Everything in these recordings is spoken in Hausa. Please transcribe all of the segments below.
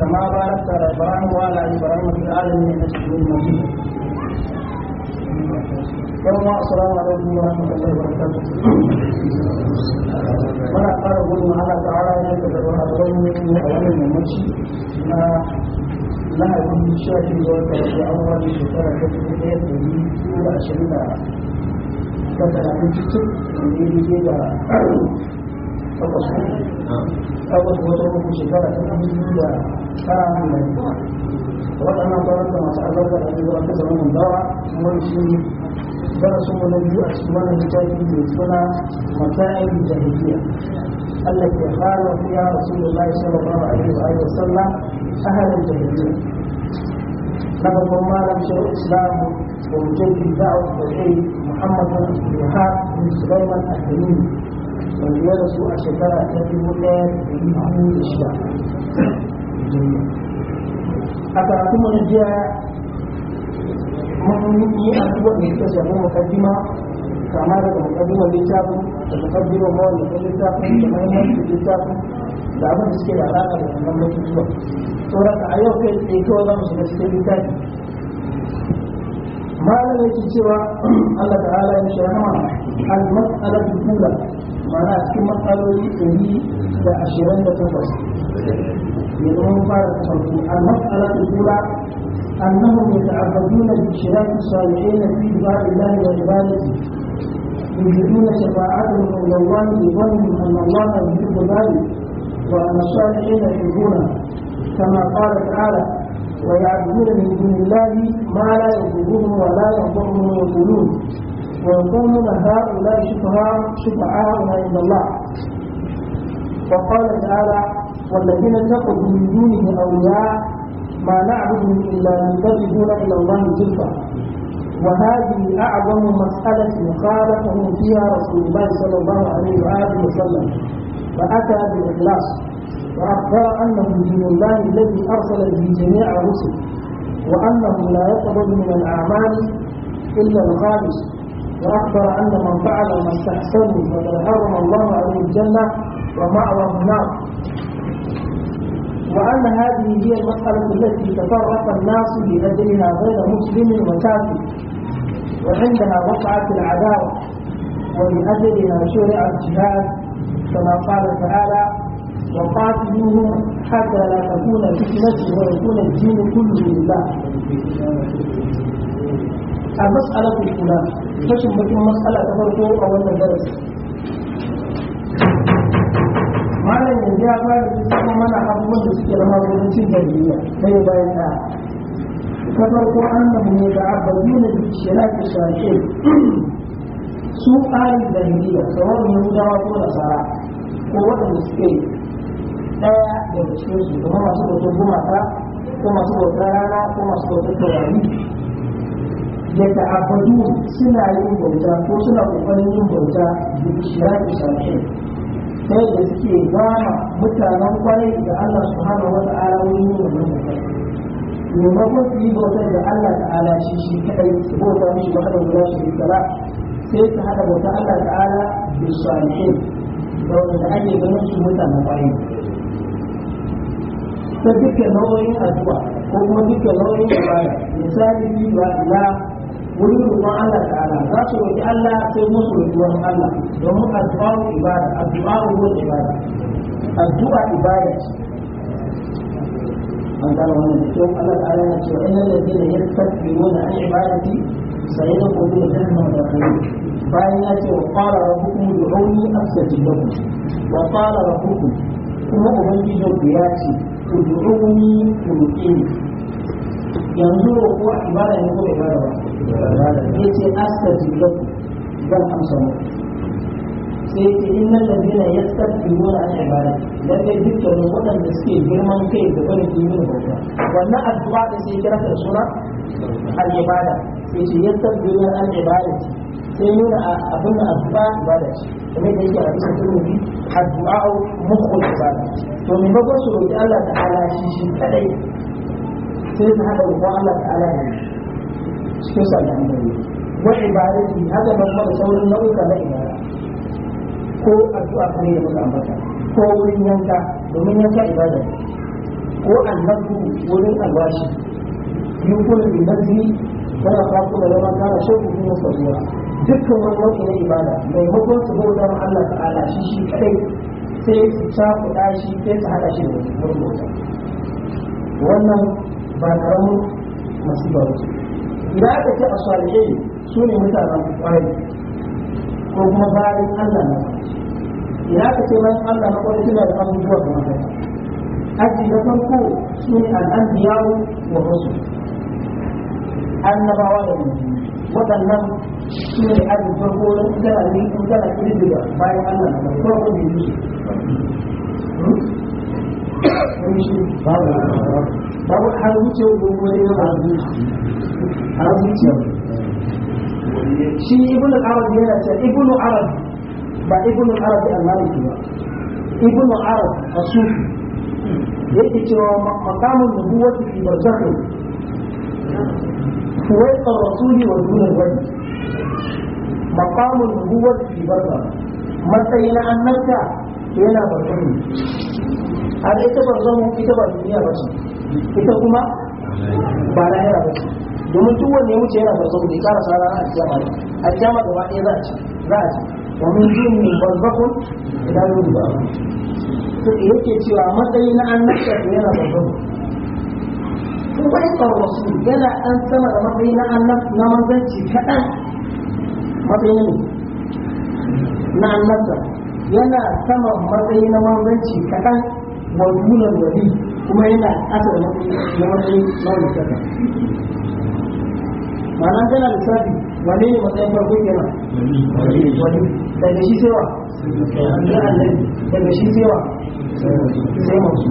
كما باركت على إبراهيم وعلى إبراهيم في العالمين إنك حميد مجيد يوم السلام عليكم ورحمة الله وبركاته muna fara gudun Allah ta'ala ya ka da wani abin ne a wannan yammaci na lahadin shafi ga wata wasu abubuwan shekara ta dubu ɗaya da yi da ashirin da ta talatin cikin da ne da takwas wata uku shekara ta dubu da tara mai waɗannan baranta masu albarka da abubuwa ta zama mun dawa wani shi darasin wani biyu a cikin wannan littafi mai suna mata'in jahiliya Allah ke fara fiya Rasulullahi sallallahu alaihi wa sallam ahalin jahiliya na babban malam shirin Islam ومجدد دعوة العلم محمد بن إسحاق بن سليمان التميمي ya rasu a shekara ta dubu ɗaya da dubu da shida a karatun ni jiya mun yi abubuwa da suka shafi mukaddima kama daga mukaddimar littafin da mukaddimar mawallafin littafin da mahimmancin littafin da abin da suke da alaƙa da wannan batutuwa saboda a yau kai tsaye kawai za mu cewa Allah ta'ala ya shahama al-mas'alatu mana a cikin matsaloli ɗari da ashirin da takwas yanzu mun fara ta farko al-mas'ala al-ula annahum yata'abbaduna bi shirati salihin fi ibadillah wa ibadati يجدون شفاعتهم عند الله بظنهم ان الله يحب ذلك وان الصالحين يحبونه كما قال تعالى ويعبدون من دون الله ما لا يضرهم ولا ينفعهم يقولون ويكون هؤلاء شفعاء شفعاء عند الله وقال تعالى والذين اتخذوا من دونه اولياء ما نعبدهم الا يقربون الى الله جلفا وهذه اعظم مساله مخالفه فيها رسول الله صلى الله عليه واله وسلم فاتى بالاخلاص واخبر انه دين الله الذي ارسل به جميع الرسل وانه لا يقبل من الاعمال الا الخالص وأخبر أن من فعل ما استحسن فقد حرم الله عليه الجنة ومأوى النار وأن هذه هي المسألة التي تفرق الناس لأجلها غير مسلم وكافر وعندها وقعت العداوة ولأجلها شرع الجهاد كما قال تعالى وقاتلوهم حتى لا تكون فتنة ويكون الدين كله لله المسألة الأولى kashin bakin matsala ta farko a wannan darasi malam yanzu ya ba da cikin mana abubuwan da suke na cin jariya yi bayan ta ta farko an da ne da abbasu ne da ke shafe su tsarin jariya sauran dawa ko nasara ko waɗanda suke ɗaya daga cikinsu kuma masu bautar gumaka ko masu bautar rana ko masu bautar taurari ya ta'abbadu suna yin bauta ko suna kokarin yin bauta da da shafi ta da suke gama mutanen kwarai da Allah subhanahu wa ta'ala wurin yin wannan bauta maimakon su yi bautar da Allah ta'ala shi shi kadai su bauta mishi ba kada wula shi kala sai su hada bauta Allah ta'ala da shafi da wanda ake ganin su mutanen kwarai ta dukkan nau'o'in addu'a ko kuma dukkan nau'o'in ibada misali ba la wurin roƙon Allah ta'ala za su roƙi Allah sai musu roƙuwar Allah domin addu'a ibada addu'a ruwan ibada addu'a ibada ce an gano wannan da kyau Allah ta'ala ya ce wa inna ladina yastakbiruna an ibadati sayadkhuluna jahannama dakhilin bayan ya ce wa qala rabbukum ud'uni astajib lakum wa qala rabbukum kuma ubangijinku ya ce ud'uni ud'uni yanzu roƙo ibada ne ko ibada ba yace astajib lakum zan amsa muku sai ce innal ladina yastakbiruna an ibadati lalle dukkan waɗanda suke girman kai da bari kimin bauta wannan addu'a da sai kira ta suna al ibada sai ce yastakbiruna an ibadati sai nuna abin da addu'a ibada ce kamar da yake a bisa turmi addu'a mukhul ibada to me ba su roki Allah ta'ala shi shi kadai sai su hada roƙon Allah ta'ala ne cikin sallah wa ibadati haka nan kuma sauran nau'uka na ibada ko addu'a kare da muka ambata ko wurin yanka domin yanka ibada ko annabu wurin alwashi yukun bi nazri kana fatu da zama kana so ku yi sabuwa dukkan wani nau'i na ibada maimakon su bauta ma Allah ta'ala shi shi kai sai su cakuɗa shi sai su haɗa shi da wani bauta wannan ba karamin masu ba wuce idan aka ce a salihai su ne mutanen kwarai ko kuma bayan Allah na idan aka ce bayan Allah na kwarai suna da abubuwa kamar haka aji na farko su ne al'anbiyawu wa rusul annabawa da mutum waɗannan su ne ajin farko na kusurwa ne kusurwa kirgiga bayan Allah na kwarai ko kuma yi babu har wuce gobe na har zuciya shi ibn arab yana ce ibn arab ba ibn arab al-maliki ba ibn arab a sufi yake cewa maqamun nubuwati fi barzakh فويق الرسول ودون الوجه مقام النبوة في برزخ متى إلى أن نرجع ita برزخ هذا ba إتبر الدنيا برزخ إتبر ما بعد ba ce. domin duk wanda ya mutu yana barzaku bai karasa sara a kiyama ne a kiyama gaba ɗaya za a ci za a ci domin wa min dini barzakun ila yawmi to yake cewa matsayi na an da yana barzaku kuma ikon rasul yana ɗan sama da matsayi na annabta na manzanci kaɗan matsayi ne na an annabta yana sama matsayi na manzanci kaɗan wa dunan wali kuma yana ƙasa da matsayi na matsayi na wani Mana kana lissafi wane ne matsayin farko kenan wani daga shi sewa daga shi sewa sai masu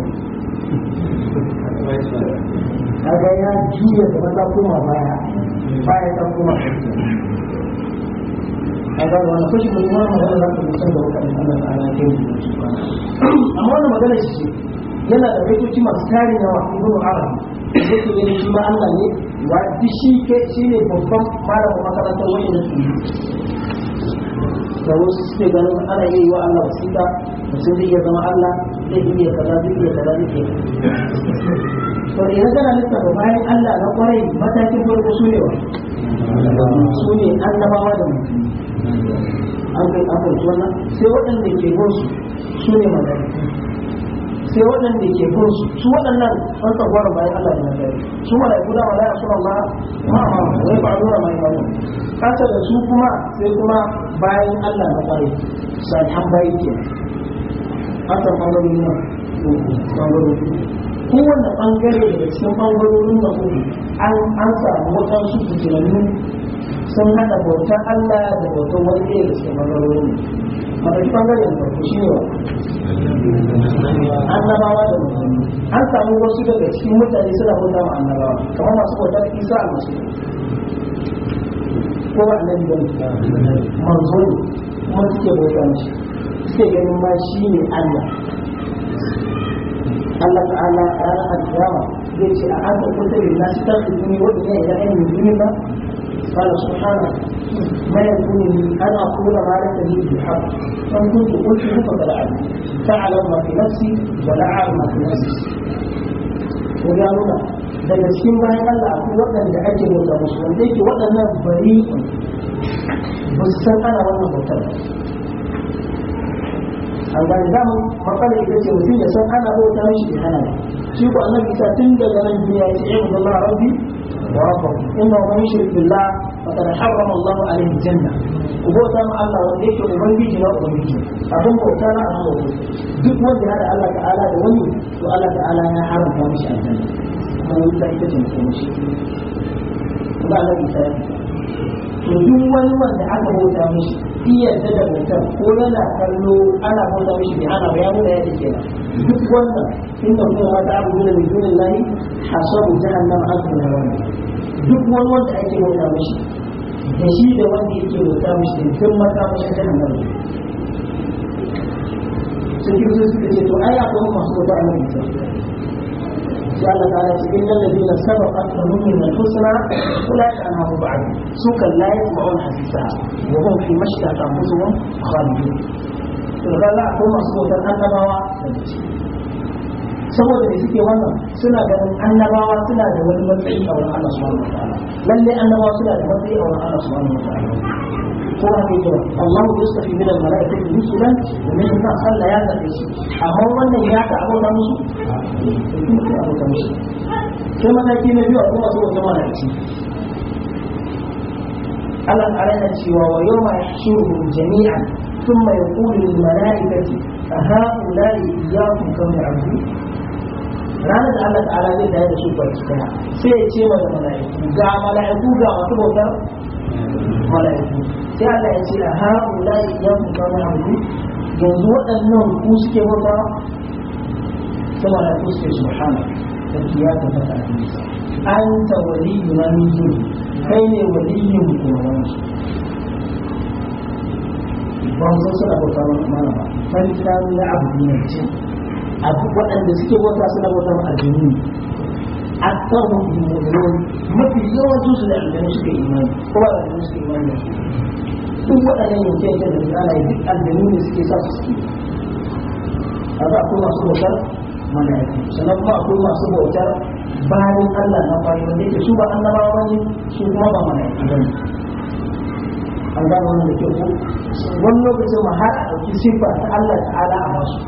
kaga ya juya da mata kuma baya baya ta kuma kaga wani kashi da kuma magana za ka musan da wata Allah ta ke yi amma wannan magana shi yana da baitoci masu tarin yawa ibnu arabi yake gani shi ma Allah ne wa duk shi ke shi ne babban malamin makarantar wani na su da su suke ganin ana yi wa Allah wasiƙa sun zai iya zama Allah zai iya kaza zai iya kaza zai iya to idan kana lissafa bayan Allah na kwarai matakin farko su ne wa su ne annabawa da mutum an kai an kai wannan sai waɗanda ke gosu su ne magana sai waɗanda ke bin su su waɗannan an tsagwaron bayan Allah ne na su mala'iku da malaya suna ma ma ma wai ba nuna mai bane kasa da su kuma sai kuma bayan Allah na sai salihan bayi ke haka ɓangarorin nan ɓangarorin wanda ɓangare daga cikin ɓangarorin na hudu an samu su fitinannu sun haɗa bautar Allah da bautar wani ɗaya da cikin ɓangarorin magaji bangaren farko shi ne annabawa da mutane an samu wasu daga cikin mutane suna bauta ma annabawa kamar masu bauta da isa a masu ko ba annabi ba manzo ne kuma suke bauta mashi suke ganin ma shi ne allah Allah ta'ala ranar alkiyama zai ce a haka ta fi duniya wadda ya yi ra'ayin ba قال ما يكون لي أنا أقول ما لك لي بالحق فإن كنت قلت فقد أعلم فأعلم ما في نفسي ولا أعلم ما في نفسي وقالوا لا ده يسكن الله قال لأكو وطن بأجل ولا مسلم ليك وطن بريء بالسلطنة وانا بطل الله يدعم ما قال إذا يسكن الله سلطنة أنا أبو تنشي بحنان شيكو أنا بيسا تنجل من الدنيا يسعيه الله ربي وربه إنه من يشرك بالله فقد حرم الله عليه الجنة وهو تام الله وليك ومن بيجي لا أبيك أبوك وكان أبوك duk wanda hada Allah ta'ala da wani to Allah ta'ala ya haramta mishi aljanna kuma wuta ita ce mutum shi ba Allah ya wani wanda aka bauta mishi iya da mutum ko yana kallo ana bauta mishi bi hana ba ya mutu ya dace duk wannan inda kuma ta abu da min dunillahi hasabu jahannam akbar wa duk wani wanda ake bauta mashi da shi da wanda yake bauta mashi sun maka mashi kan nan sun yi suka ce to ai akwai masu bauta a nan sai Allah ta ce in lallabi na sababa ta mutum na tusra kula ta na mu ba'a su kan layi ma wani hasisa wa hum fi mashta ta mutum khalidun to kaga akwai masu bautar annabawa da saboda da suke wannan suna ganin annabawa suna da wani matsayi a wurin Allah subhanahu wa lalle annabawa suna da matsayi a wurin Allah subhanahu ko a ke jira Allah min al malaika rusulan da min na sallah ya zabe shi amma wannan ya ta abota musu musu sai mataki na biyu a kuma su wata malaici Allah ta'ala yana cewa wa yawma yahshuruhum jami'an ثم يقول للملائكة أهؤلاء إياكم كم يعبدون ranar da Allah ta'ala zai tare da su barci daya sai ya ce wa mala'iku ga mala'iku ga wasu bautar mala'iku sai Allah ya ce ha ulai yan kana abu yanzu waɗannan ku suke bauta sai mala'iku suke subhana da kiyata ta ta nisa anta yi na mijin kai ne waliyyun kuwan su ba mu san suna bauta mana ba kan kira ni na abu ne ce a duk waɗanda suke bauta suna bauta ma aljini ne a tsawon mu'minun mafi yawancin su da aljini suke imani ko ba aljini suke imani duk waɗannan yankin yanke da misala duk aljini ne suke sa su suke a za akwai masu bautar mala'iku sannan kuma akwai su bautar bayan Allah na kwaye wanda yake su ba annabawa ne su kuma ba mala'iku ba ne an gano wannan da ke ko wani lokacin ma har a ɗauki siffa ta Allah ta'ala a masu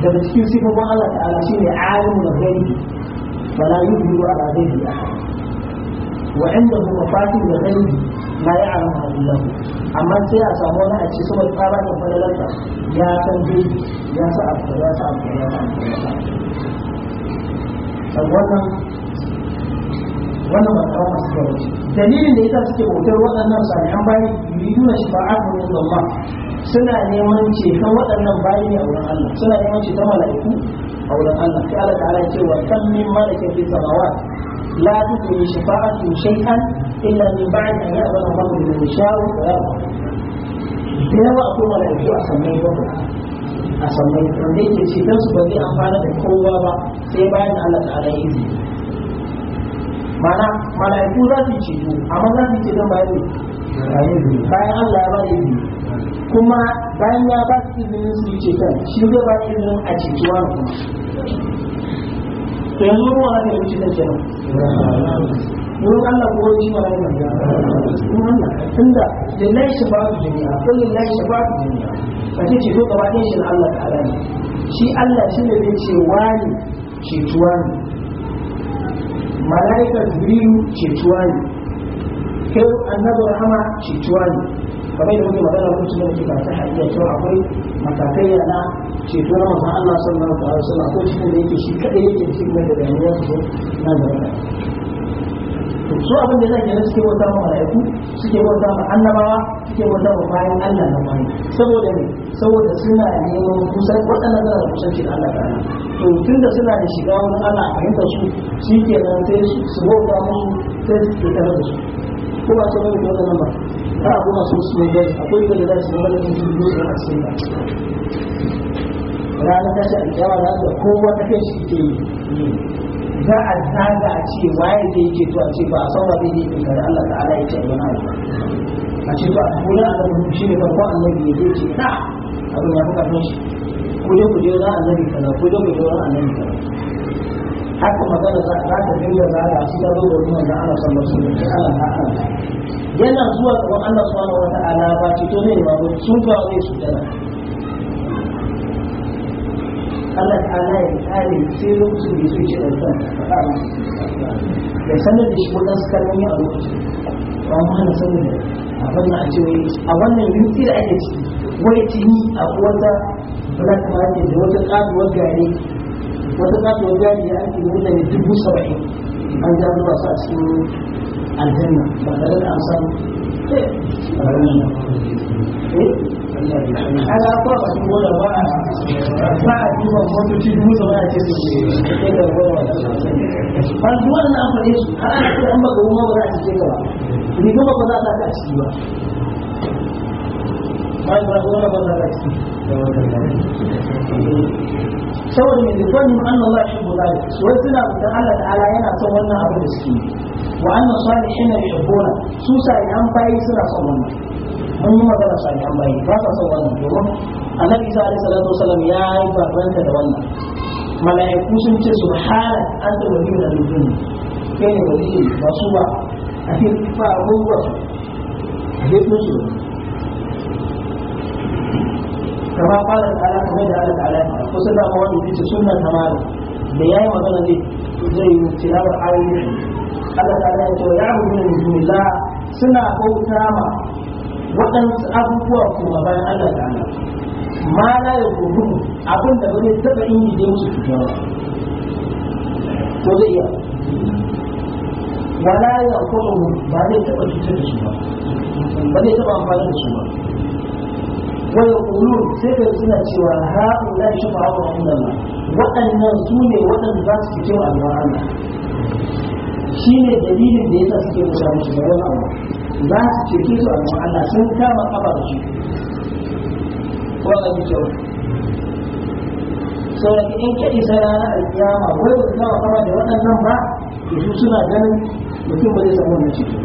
daga cikin sifofin Allah ta'ala shine alimul ghaibi fala yudhiru ala ghaibi ahad wa indahu da ghaibi la ya'lamuha illa hu amma sai a samu wani a cikin saboda tsara da falalarsa ya san ghaibi ya san abu ya sa abu ya sa abu wannan wannan ba ta masu gaurace dalilin da yasa suke bautar waɗannan salihan bayi yuriduna shafa'atu min Allah suna neman ceton waɗannan bayi ne a wurin Allah suna neman ceton mala'iku a wurin Allah sai Allah ta'ala ce wa kan min malakin fi samawat la tukuni shafa'atu shay'an illa min ba'di an ya'zana Allah liman yasha'u wa yarda da yawa akwai mala'iku a sammai bakwai a sammai wanda yake ceton su ba zai amfana da kowa ba sai bayan Allah ta'ala ya izini mana mala'iku za su amma za su bayan bayan Allah ya ba da izini kuma bayan ya ba su izinin su yi ceton shi zai ba izinin a ceci wani kuma to yanzu ruwa da Allah ko shi da Allah tunda lillahi ko lillahi kace gaba ɗayan shi Allah ta'ala shi Allah shi ne zai ce wani mala'ika biyu cetuwa ne kai annabi rahama cetuwa ne kamar da muke magana kun cikin ke ba ta hadiya cewa akwai matakai yana ceto na manzon Allah sallallahu alaihi wasallam ko cikin da yake shi kadai yake cikin da bayanan su na gaba su abin da zai suke bauta ma mala'iku suke bauta ma annabawa suke bauta ma bayan Allah na kwani saboda ne saboda suna neman kusan waɗannan suna da kusanci da Allah ta'ala to tun da suna da shiga wani ana fahimta su shi ke nan sai su bauta musu sai su ke tare da su ko ba su rubuta nan ba ta abu masu su ne dai akwai da za su zama da su biyu da su ne ranar tashi alƙiyama da kowa ta kai shi ke yi za a a ce waye da yake to a ce ba a sauwa zai yake kare Allah ta'ala ya ce yana a ce to a kula a zama shi ne farko annabi ya je ce na abin ya fi shi ko dai ku je ran annabi kaza ku dai ku je ran annabi kaza haka magana za ta dinga zaga shi ta zo ruwan da ana son wasu da ana ta'ala yana zuwa gaban Allah subhanahu wa ta'ala ba ce to ne ba sun ga zai su dana Allah ta'ala ya kare sai lokacin da su ce da san da sanar da shi ko dan kalmomi a lokacin ba mu hana sanar da abin da a ce wai a wannan yuti da ake ciki wai tuni a wata black market da wata katuwar gari wata katuwar gari ya ake mutane dubu saba'in an ja zuwa su a cikin aljanna ba tare da an samu eh ala mai ba su wala ba a ake da za a ce ka ba ni ba ta shi bula da su wasu na mutan Allah ta'ala yana son wannan abu da suke wa annan shi ne yubbona su sai an bayi suna son wannan an yi magana sani an bayi ba sa son wannan domin annabi isa alaihi salatu wasallam ya yi barbanta da wannan mala'iku sun ce subhana anta waliyyu na ne. kai ne waliyyu ba su ba a fi ba abubuwa a fi su kama fara ta'ala kamar da ala Allah ta'ala ya kusa da ma wanda yake sunna tamari da ya yi magana ne zai yi tilawar ayoyi Allah ta'ala ya ce ya abu min dunillah suna bauta ma waɗansu abubuwa kuma bayan Allah da Allah ma la ya kuhu abin da ba zai taɓa yin da musu fitowa ko zai iya wala ya mu ba zai taɓa cutar da su ba ba zai taɓa amfani da su ba waya kulu sai da suna cewa ha'u la shafa hawa inda Allah waɗannan su ne waɗanda za su fito a gaban Allah shi ne dalilin da ya sa suke musa musu gaban Allah za su cece su a gaban Allah sun kama kafa da shi ko a ji kyau sai in kaɗi sai ranar alkiyama wai ba su kama kafa da waɗannan ba su suna ganin mutum ba zai samu wannan ciki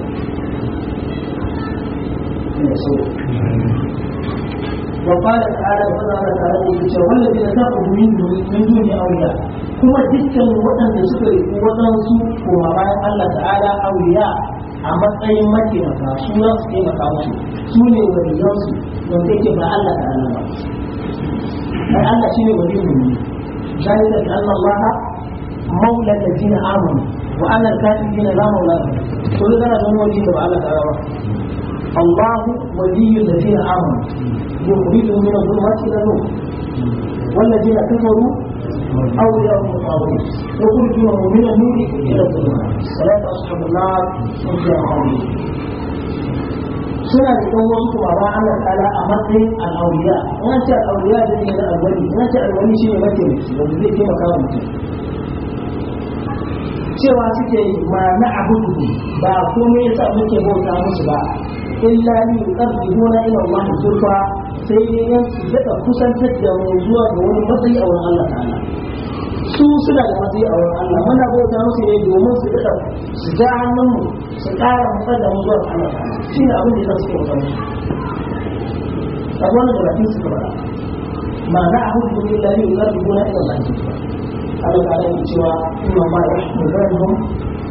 وقال تعالى وقال تعالى والذين تقوا من من دون اولياء كما تلك الوطن اللي سكروا وطن سوء وما الله تعالى اولياء a matsayin mataimaka su za su taimaka musu su ne waliyansu wanda yake ba Allah ta Allah ba dan Allah shi ne waliyin mu zalika bi anna Allah maula alladhina amanu wa anna al-kafirin la maula lahum to da zan wani da ba Allah ta Allah ba Allah waliyyu alladhina amanu yukhrijuhum min adh-dhulumati ila an-nur والذين كفروا أو يوم طاووس وكنتم من النور إلى الظلمات فلا أصحاب النار هم فيها خالدون suna da ɗan wasu kuma Allah ta'ala a matsayin al'auliya wani ce al'auliya da ne da alwani wani ce alwani shi ne mataimaki wanda zai taimaka wa mutum cewa suke ma na abu ba komai yasa muke bauta musu ba illa ni yuqarribuna ila Allah zulfa sai ne yan su daga kusantar da mu zuwa ga wani matsayi a wurin Allah ta'ala su suna da matsayi a wurin Allah muna bauta musu ne domin su daɗa su ja hannunmu su ƙara mutar da mutuwar Allah shi ne abin da ya suke wata musu a wannan da bakin su ka faɗa ma'ana a hukun da ya yi zafi gona ita ba a Allah ta yi cewa ina ma ya mutarhum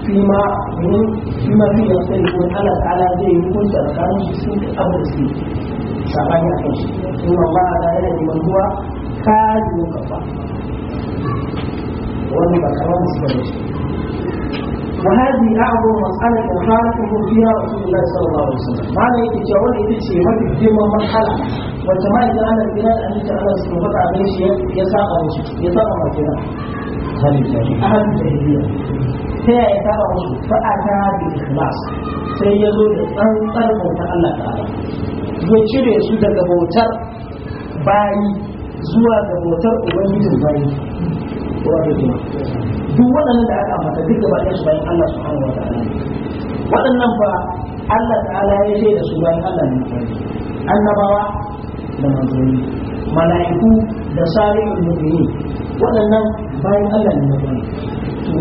fima min fima fi ya sai ko Allah ta'ala zai yi hukunci da tsakanin shi sun abin da suke sabani a kan shi kuma ba da yana neman zuwa ka yi kafa وهي بكرام السبيل وهذه أعظم مسألة وحالته فيها رسول الله صلى الله عليه وسلم معنى ما لا يتجاوز يتشي ما تجمع مرحلة وكما إذا أنا بناء أن يتعلم سنوات عليه يساق يساق مرحلة أهل الجاهلية هي إثارة يتابع فأتى بالإخلاص سيزول أن من الله على ويشير يسود daga باي bayi zuwa ga باي duk waɗannan da aka ambata duk gaba ɗaya su bayan Allah subhanahu wa ta'ala waɗannan fa Allah ta'ala ya ce da su bayan Allah ne annabawa da manzanni mala'iku da salihul mu'minin waɗannan bayan Allah ne mutane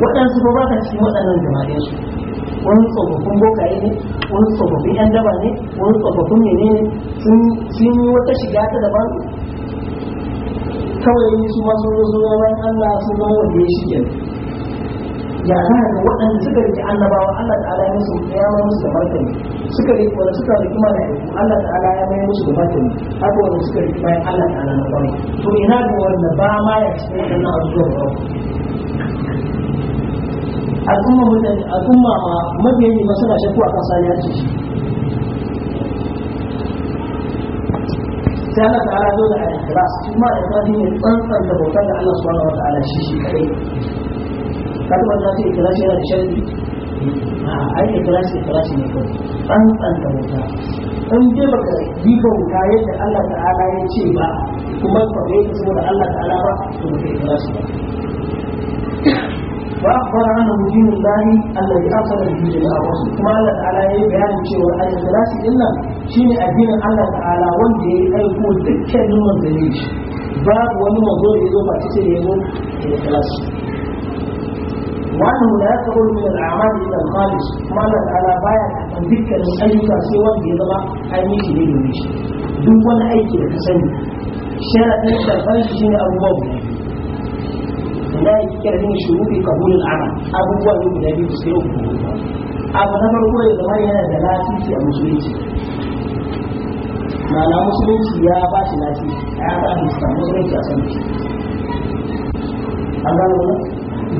waɗansu ba ba ta cikin waɗannan gaba ɗaya su wani tsofaffin bokaye ne wani tsofaffin yan daba ne wani tsofaffin menene sun yi wata shiga ta daban kawai su masu zo yawan Allah su zama wanda ya shige ya za a ga waɗanda suka riƙe annabawa Allah ta'ala ya musu ya mai musu da martani suka riƙe wanda suka riƙe mana da Allah ta'ala ya mai musu da martani haka wanda suka riƙe bayan Allah ta'ala na kwarai to ina ga wanda ba ma ya cikin wannan abubuwan ba al'umma mutane al'umma ma mabiyan ne ba suna shakku a kan sani ya ce shi sai Allah ta'ala zo da al-ikhlas kuma da tsari ne tsantsan da bautar da Allah subhanahu wa ta'ala shi shi kare kaga wannan sai ikhlas yana da sharri a ai ikhlas ikhlas ne ko tsantsan da bauta in dai baka bi bauta yadda Allah ta'ala ya ce ba kuma ba kai da Allah ta'ala ba to kai ikhlas ba وأخبر أنه دين الله الذي أرسل به إلى الرسل كما الله تعالى يبيان cewa a ikhlasi din nan shine addinin Allah ta'ala wanda ya aiko dukkanin manzanni shi babu wani manzo da yazo ba tace da yazo ikhlasi وأنه لا يقبل من الأعمال إلا الخالص كما الله تعالى بايع أن dukkanin ayyuka sai wanda ya zama an yi shi ne domin duk wani aiki da ka sani sharaɗin karɓar shi ne abubuwa la yakira min shururi qabul al-amal abubuwa ne guda biyu sai uku abu na farko ya zama yana da lafiya a musulunci ma'ana musulunci ya ba shi lafiya ya ba shi samu musulunci a sanin shi an gano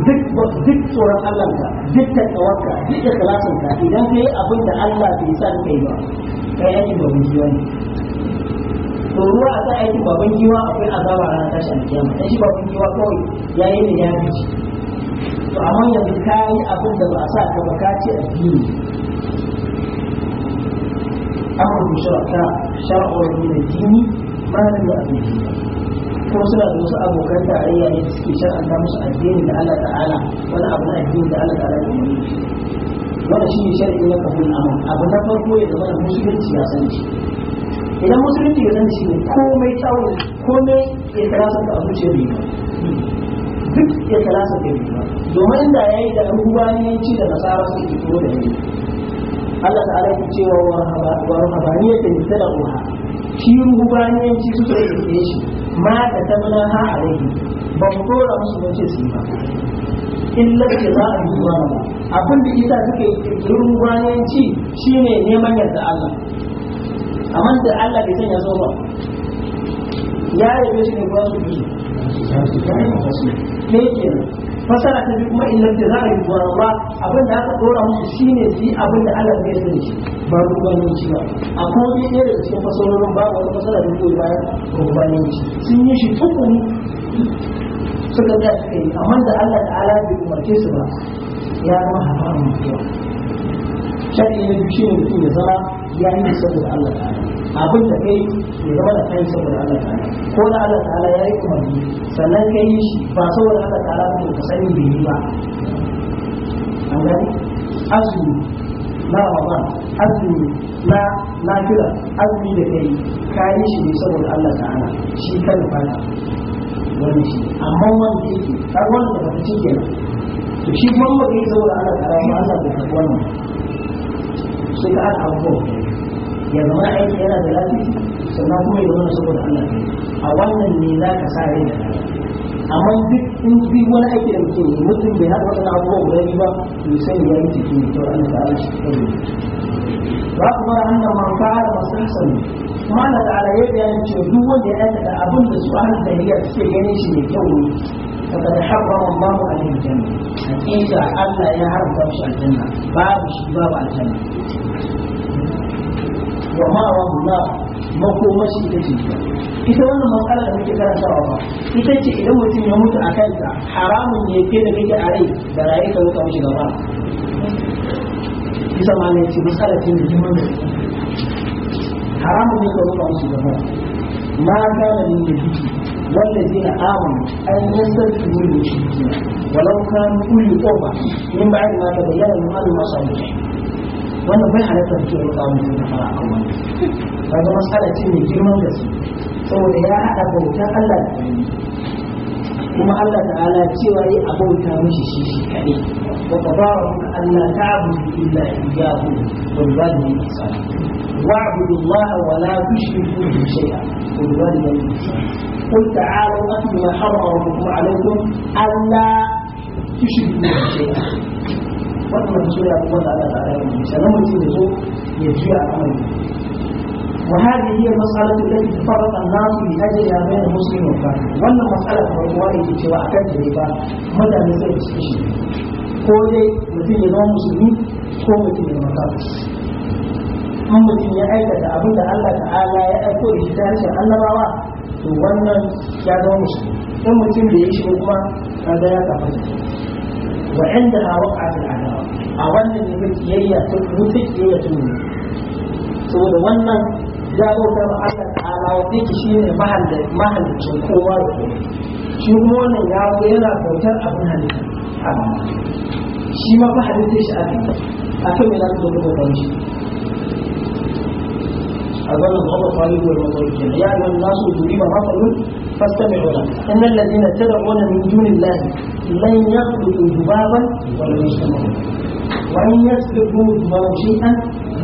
duk duk tsoron Allah ka duk takawarka duk ta ka idan kai abin da Allah bai ka yi ba kai yake da wani ne to ruwa a sa aikin baban giwa akwai azaba ran tashi alkiyama dan shi baban giwa kawai yayi ne ya fice to amma yanzu kai abin da ba a sa ka ba ka ce addini amru shuraka shar'u min ad-dini ma lam yu'min ko suna da wasu abokan tarayya ne da suke shar'anta musu addini da Allah ta'ala wani abu na addini da Allah ta'ala ya umarni wannan shi ne shari'i na kafin amon abu na farko ya zama da musulunci ya sanci. idan musulunci ya zama ko ne komai kyawun komai ya tarasa ta abuce zuciyar duk ya tarasa ka ba, domin da ya yi da ci da nasara su ke fito da yi Allah ta'ala alaƙi cewa wa ruhabaniyar ya ta da uha shi ruhubaniyanci su sai ke shi ma ta muna ha rai ba mu kora musu ba ce su ba illa ke za a yi zuwa abin da ita suke ruhubaniyanci shine neman yadda Allah amma da Allah bai sanya so ba ya yi shi ne ba su bi me ke fasara ta bi kuma illar da za a yi gwara ba abin da aka dora musu shi ne yi abin da Allah bai sani shi ba rubanci ba a kuma ne ne da cikin fasarorin ba wani fasara da koyi bayan shi sun yi shi tukun suka ga suka yi amma da Allah ta'ala bai umarce su ba ya zama haramun mutuwa shari'i na biyu shine mutum ya zama ya yi saboda Allah ta'ala abin da kai ya zama da kai saboda Allah ta'ala ko da Allah ta'ala ya yi kuma umarni sannan kai yi shi ba saboda Allah ta'ala ba ka sani bai yi ba an gani azumi na Ramadan azumi na lafiya azumi da kai ka yi shi ne saboda Allah ta'ala shi kan fara wani shi amma wanda yake har wanda ba ta ci kenan to shi kuma ba kai saboda Allah ta'ala ba Allah bai karɓi wannan sai ka ya zama aiki yana da lafiya sannan kuma ya zama saboda Allah a wannan ne za ka sa rai da lafiya amma duk in bi wani aiki da mutum ne mutum bai haɗa waɗannan abubuwan ba ya yi ta'ala shi ta ne wa kuma annan man kuma ta'ala ya bayani cewa duk ya aikata abin da su ahli jahiliya suke ganin shi ne kyau ne فقد حرم الله عليه الجنة حقيقة الله يحرم شيء الجنة wa ma na makomashi ita ce ita wannan matsala da muke karantawa ba ita ce idan mutum ya mutu a kanta haramun ne ke da kake a rai da raye ka muka mishi gaba isa ma ne ce matsala da jimin da haramun ne ka muka mishi gaba ma kana da biki wanda zai na amon an yi sarki ne da shi ولو كانوا أولي قربى من بعد ما تبين لهم أنهم masu الجحيم wannan bai halatta da ke roƙa mutum da fara a wani kaga masala ce mai girman gaske saboda ya haɗa bauta Allah da ilimi kuma Allah ta'ala cewa yi a bauta mishi shi shi kaɗai wa qadara Allah ta'budu illa iyyahu wal walidayni ihsana واعبدوا الله ولا تشركوا به شيئا والوالدين قل تعالوا اتل ما حرم ربكم عليكم الا تشركوا به شيئا wannan su ne abubuwan da Allah ta'ala ya yi sannan mutum ya zo ya juya al'amari wa hadhihi hiya mas'alatu allati tafarraqa an-nas bi ajliha bayna muslim wa kafir wannan mas'ala ta farko wani ke cewa akan ta ne ba mutane sai su shi. ko dai mutum ya zama musulmi ko mutum ya zama kafir in mutum ya aikata abin da Allah ta'ala ya aiko da shi ta harshen annabawa to wannan ya zama musulmi in mutum da ya shiga kuma kaga ya kafa وعندها وقعة الأعراض أظن أن يقول يا تموتك يا تموتك سوود وانا جابوا كم عدد على وديك شيء محل محل شنكو وارد شو مون يا ويلا كوتر أبن هني شيء ما محل تيش أبي أكمل لك دوبه بانشي أظن الله قريب والمطيرين يا من الناس ودريما ما تقول فاستمعوا إن الذين تدعون من دون الله لن يخلقوا ذبابا ولا يسمعون وان يسلكوا ذبابا شيئا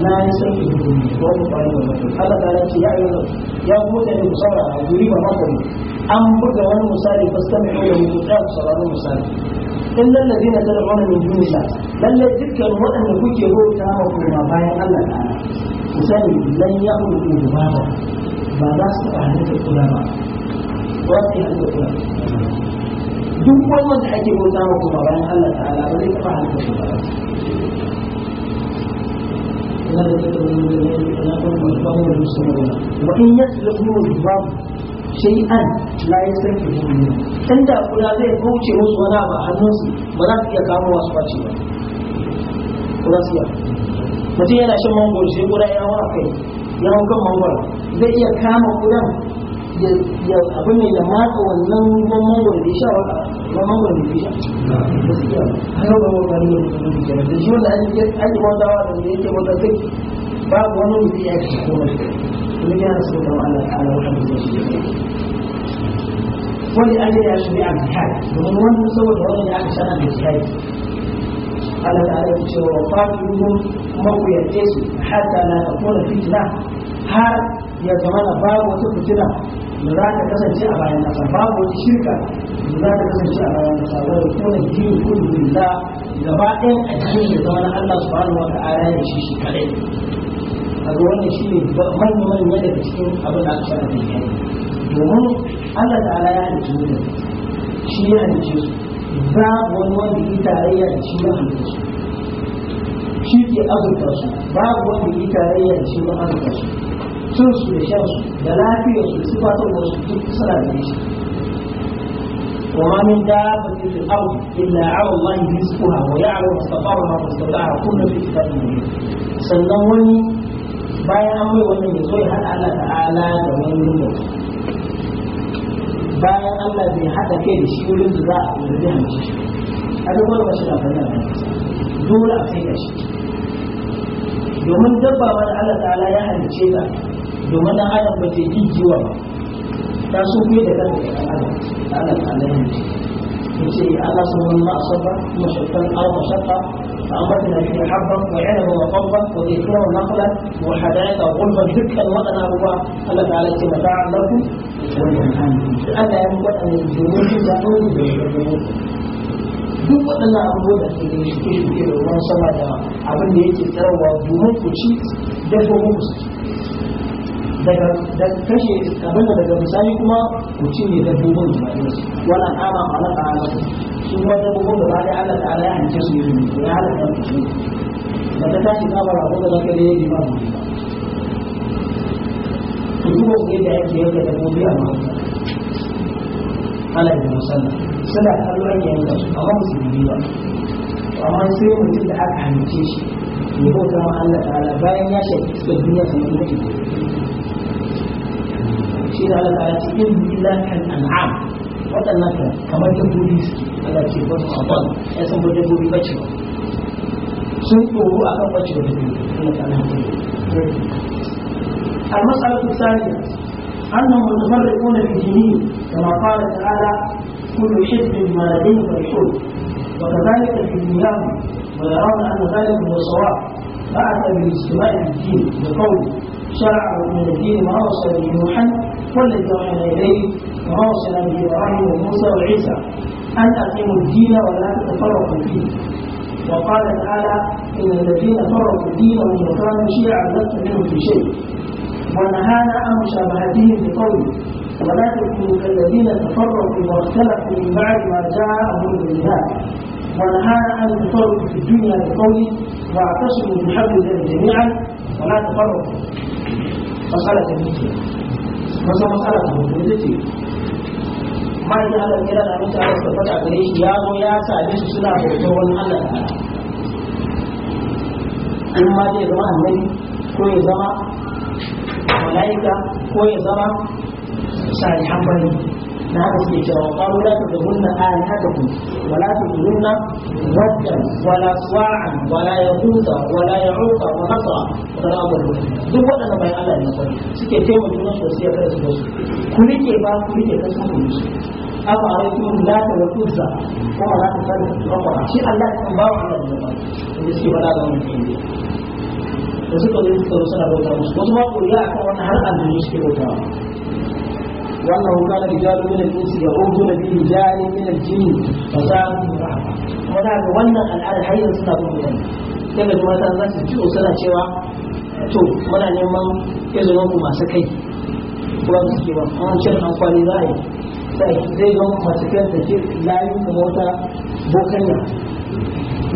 لا يسلكهم ذبابا ولا يسمعون هذا قال يا ايها يا موسى ان تصور على جريب مطر ام بك وانا مسالي فاستمعوا له وتقاتلوا صلاه مسالي الا الذين تدعون من دون الله لن يذكروا ان كنت يقول تعالى ما بايع الله تعالى مسالي لن يخلقوا ذبابا ما لا استطاع ان يتقوا ذبابا واتي ان duk wannan da ake bauta ma kuma bayan Allah ta'ala ba zai taba halitta shi ba da ke tsaye da ne na kan babban wani musamman wa in ya tsaye kuma ba shi an layi sarki kuma ɗan da kula zai kauce musu wani ba hannunsu ba za su iya kamo wasu ɓace ba kula su mutum yana shan mangoro sai kura ya wara kai ya hau kan mangoro zai iya kama kuran ya abin ya maka wannan ruwan mangoro da ya sha wata ruwan mangoro da ya sha gaskiya har yau gama wani yau da ya sha da shi wanda ake wandawa da ya ke wanda duk babu wani mutum ya ke shigo mai kuma ya rasu da wani ala wani mutum shi wani ake ya shi a jihar domin wani saboda wani ya aka shana da jihar ala da ala cewa fa'ilun makuyace su hatta na takona fitina har ya zama na babu wata fitina da za ka kasance a bayan ƙasa babu wata shirka da za ka kasance a bayan ƙasa wa da kuma dini kun lillah gaba ɗayan addini ya zama na Allah su bani wa ta'ala ya shi shi kadai kaga wannan shi ne manya manya daga cikin abin da aka fara bayyana domin Allah ta'ala ya halicci mutum shi ya halicce su babu wani wanda ya tarayya da shi ya halicce su shi ke azurta su babu wanda ya tarayya da shi ya azurta su Sun su da shan su da lafiyar su da sifatar wasu duk suna da shi وما من دابة في الأرض إلا على الله رزقها a مستقرها واستودعها كل في كتاب Sannan wani bayan an mai wannan ya zo ya haɗa Allah ala da wani mutum bayan Allah bai haɗa kai da shi wurin da za a yi da zai shi a duk wani mashi na fannin da dole a kai da shi domin dabba wani Allah ta'ala ya halice ta domin dan adam ba ta yi jiwa ba ta so fiye da kan da adam da Allah ta Allah ne yace Allah subhanahu wa asaba mushatan aw mushaqa فأمرنا فيه حبا وعنبا وقضبا وذكرا ونقلا وحدائق غلبا ذكرا وأنابا الله تعالى ya لكم ألا يمكن أن الجنود تكون duk waɗannan abubuwa da ke da shi ke da ruwan sama da abin da yake tsarawa domin ku ci da domin ci daga da kashe abinda daga misali kuma ku cinye dabbobin da bakin su wala kama ala ta'ala su ma dabbobin da bayan Allah ta'ala ya hance su ne ya halatta ku su ba ta tashi ta ba ko da zaka ne yi ba ku kuma ku da yake yake dabbobi a ma Allah ya musalla suna kallon ake yanka su amma musulmi ba amma sai mutum da aka hance shi ya ko ma Allah ala bayan ya shaƙi iskar duniya sannan kuma المسألة الثانية أنهم متفرقون في دينهم كما قال تعالى كل حزب بما لديه فرحون وكذلك في دنياهم ويرون أن ذلك هو الصواب بعد الاستواء في الدين بقول شرع من الدين ما وصل به نوحا والذي أوحينا إليه وأرسل به إبراهيم وموسى وعيسى أن أقيموا الدين ولا تتفرقوا فيه وقال تعالى إن الذين فرقوا الدين وكانوا شيعا لست منهم في شيء ونهانا عن مشابهتهم بقوله ولا تكونوا كالذين تفرقوا واختلفوا من بعد ما جاءهم البينات ونهانا عن التفرق في الدنيا بقوله واعتصموا بحبل الله جميعا ولا تفرقوا فصلت المسلم wata matsala ta mutu ita ce mai da Allah kira da mutu Allah ta fata gare shi ya zo ya same su suna bautar wani Allah da Allah in ma zai zama annabi ko ya zama malaika ko ya zama salihan bari na haka suke cewa ƙarura ta da wannan ayata da kuma ولا تجرن ودا ولا سواعا ولا يغوث ولا يعوق ونصرا ولا أبدا duk waɗanda mai Allah ne sani suke taimaka juna su siya kada su su ku rike ba ku rike kasu ku yi aka a rikin lata wa tusa ko a lata sani rakwara shi Allah kuma ba wa Allah ne ba inda suke faɗa ga mutum ne da su zo suna bauta musu wasu ko ya wani har bautawa وأنه كان رجال من الإنس يعودون برجال من الجن فزادهم رحمة وذلك وأن الآن حيا سنة daga mata za su ji suna cewa to muna neman izinin masu kai kuma su ke ba an cin amfani za a yi zai ga masu kai da ke layu da wata bokanya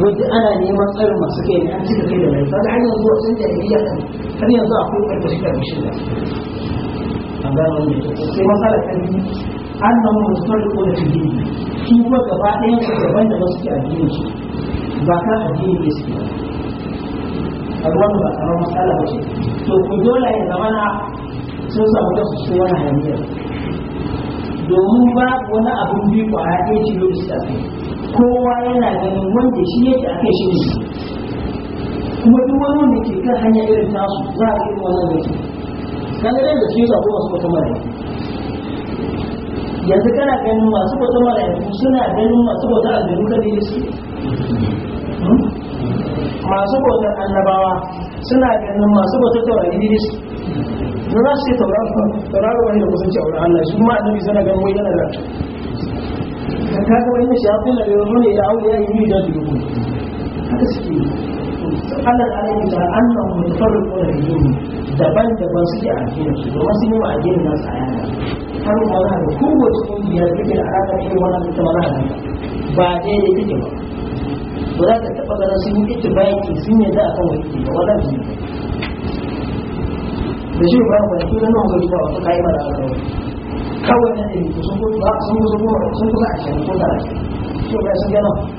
wadda ana neman tsarin masu kai ne an cika kai da layu ba da hanyar zuwa yanzu akwai ƙarƙashin an gano wanda ya sai masala ta biyu an na mu musulmi ko da fiye su kuma gaba ɗaya su daban da wasu ke addinin su ba ka addini ne su a ruwan ba kamar matsala ba ce to ku dole ya zamana sun samu kasu su wani hanyar domin ba wani abin biyu ko a yaƙe ci yau da kowa yana ganin wanda shi yake a kai shi ne kuma duk wani wanda ke kan hanya irin tasu za a irin wannan mutum kan ga da cikin ko masu mutum mara yanzu kana ganin masu mutum mara suna ganin masu mutum aljanu kan ne su masu bautar annabawa suna ganin masu bautar taurari ne su don za su ce tauraro wani da kusanci a wurin Allah shi ma annabi sana ganin wai yana da kan kaga wani shi abin da yanzu ne ya auya yi yi da dubu haka suke Allah ta alaihi ta annan mutarriqu da yini daban-daban suke a addinin su domin sun yi wa addinin nasu a yana har mana da kowace kungiya suke da alaƙa irin wannan ita mana da ba ɗaya da take ba ba za ka taɓa ganin sun yi ittifaki sun yadda akan wani ba wannan su da shi ba ba shi nan wani ba wata kai ba da alaƙa kawai na ɗaya sun kusa sun kusa sun kusa a cikin kusa a cikin to ba sun gano